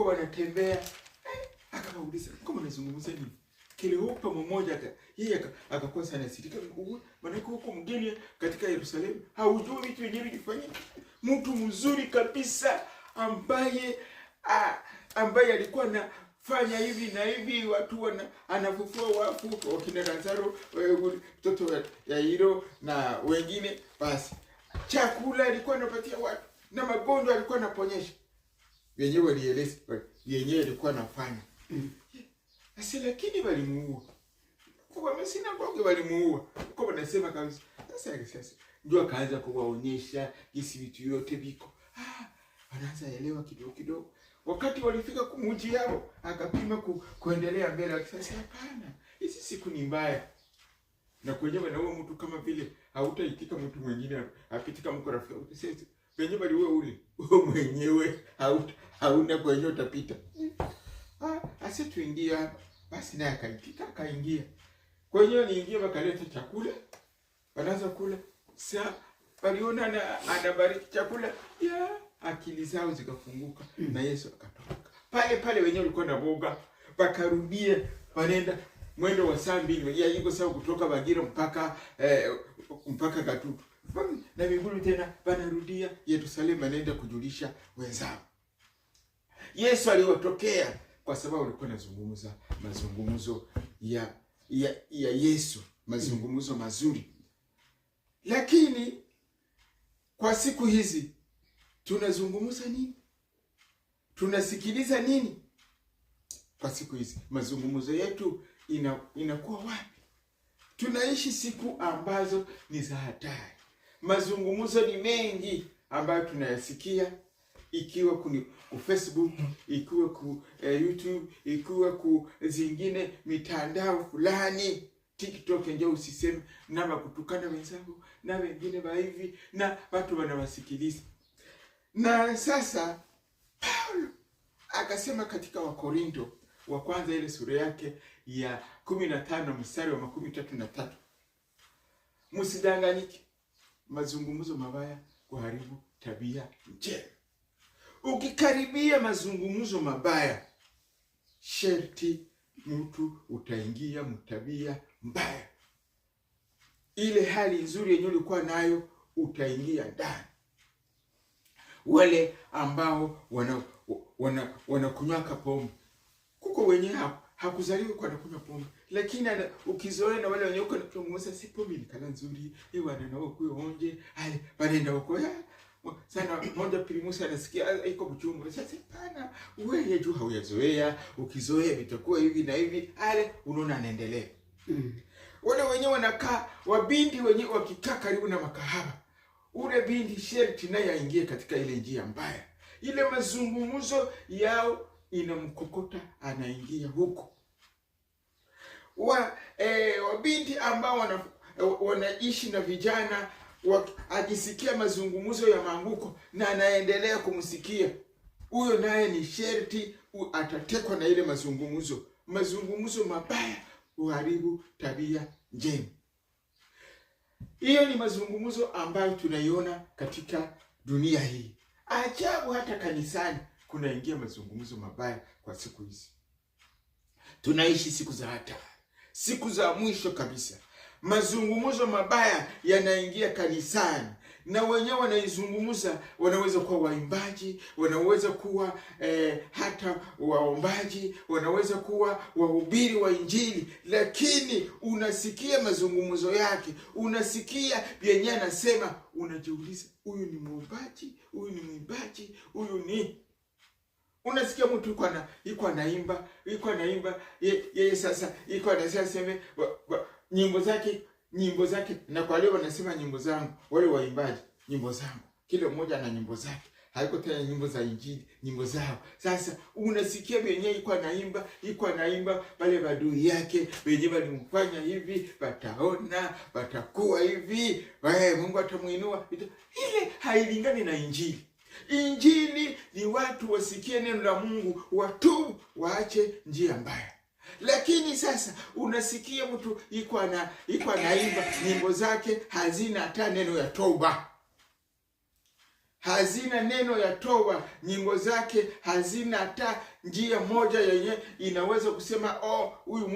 wako wanatembea, eh, akawauliza kama nazungumza nini kileupa mmoja yeye akakuwa sana sitika mkubwa, maanake huko mgeni katika Yerusalemu, haujui vitu vyenyewe vilifanyika. Mtu mzuri kabisa ambaye a, ambaye alikuwa na fanya hivi na hivi, watu wana, anafufua wafu wakina Lazaro, mtoto wa Yairo na wengine. Basi chakula alikuwa anapatia watu na magonjwa alikuwa anaponyesha wenyewe walieleza yenyewe alikuwa nafanya asi, lakini walimuua kwa masina boge, walimuua kwa wanasema kabisa. Sasa sasa ndio akaanza kuwaonyesha jinsi vitu yote viko ah, wanaanza elewa kidogo kidogo. Wakati walifika kumuji yao, akapima ku, kuendelea mbele, akisema hapana, hizi siku ni mbaya na kwenye wana huyo mtu kama vile hautaitika mtu mwingine apitika mko rafiki kwenye bali wewe ule wewe mwenyewe hauta hauna kwenye utapita. Ah, Asi tuingia basi, naye akaipika akaingia kwenyewe, niingie wakaleta chakula, wanaanza kula sa waliona na anabariki chakula ya akili zao zikafunguka, mm. na Yesu akatoka pale pale, wenyewe walikuwa na boga, wakarudia wanaenda mwendo wa saa mbili ya yuko sawa kutoka Bagira mpaka eh, mpaka Katutu na miguru tena, wanarudia Yerusalemu, anaenda kujulisha wenzao. Yesu aliwatokea kwa sababu alikuwa nazungumza mazungumzo ya ya ya Yesu, mazungumzo mazuri. Lakini kwa siku hizi tunazungumza nini? Tunasikiliza nini? Kwa siku hizi mazungumzo yetu ina, inakuwa wapi? Tunaishi siku ambazo ni za hatari. Mazungumzo ni mengi ambayo tunayasikia ikiwa ku, ku Facebook, ikiwa ku eh, YouTube, ikiwa ku zingine mitandao fulani TikTok, nje usiseme na wakutukana wenzangu na wengine wa hivi na watu wanawasikiliza. Na sasa Paulo akasema katika Wakorinto wa kwanza ile sura yake ya kumi na tano mstari wa makumi tatu na tatu msidanganyike, mazungumzo mabaya kuharibu tabia njema. Ukikaribia mazungumzo mabaya, sherti mtu utaingia mtabia mbaya, ile hali nzuri yenyewe ulikuwa nayo utaingia ndani. Wale ambao wana wanakunywaka wana pombe, kuko wenyewe hakuzaliwa kwa kunywa pombe, lakini ukizoea na wale wenyewe uko na si pombe nikala nzuri ni nawo kuyo onje ale banenda kwa sana moja pili Musa anasikia ah, iko mchungu. Sasa pana wewe tu hauyazoea, ukizoea vitakuwa hivi na hivi, ale unaona anaendelea. Mm. Wale wenyewe wanakaa wabindi wenyewe wakikaa karibu na makahaba. Ule bindi sherti naye aingie katika ile njia mbaya. Ile mazungumzo yao inamkokota anaingia huko. Wa eh, wabindi ambao wana, wanaishi na vijana akisikia mazungumzo ya maanguko na anaendelea kumsikia huyo, naye ni sherti atatekwa na ile mazungumzo. Mazungumzo mabaya uharibu tabia njema. Hiyo ni mazungumzo ambayo tunaiona katika dunia hii. Ajabu, hata kanisani kunaingia mazungumzo mabaya kwa siku hizi. Tunaishi siku za hata siku za mwisho kabisa mazungumzo mabaya yanaingia kanisani na wenyewe wanaizungumza, wanaweza kuwa waimbaji, wanaweza kuwa eh, hata waombaji, wanaweza kuwa wahubiri wa Injili, lakini unasikia mazungumzo yake, unasikia vyenyewe anasema, unajiuliza, huyu ni mwombaji, huyu ni mwimbaji, huyu ni unasikia mtu iko anaimba iko anaimba yeye, sasa iko anasema nyimbo zake nyimbo zake, na kwa leo wanasema nyimbo zangu, wale waimbaji nyimbo zangu, kila mmoja ana nyimbo zake, haiko tena nyimbo za Injili, nyimbo zao. Sasa unasikia wenyewe iko naimba iko naimba pale badui yake wenyewe walimfanya hivi, wataona watakuwa hivi, wewe Mungu atamuinua. Ile hailingani na Injili. Injili ni watu wasikie neno la Mungu, watubu, waache njia mbaya. Lakini sasa unasikia mtu iko ana iko anaimba nyimbo zake hazina hata neno ya toba, hazina neno ya toba. Nyimbo zake hazina hata njia moja yenye inaweza kusema oh, huyu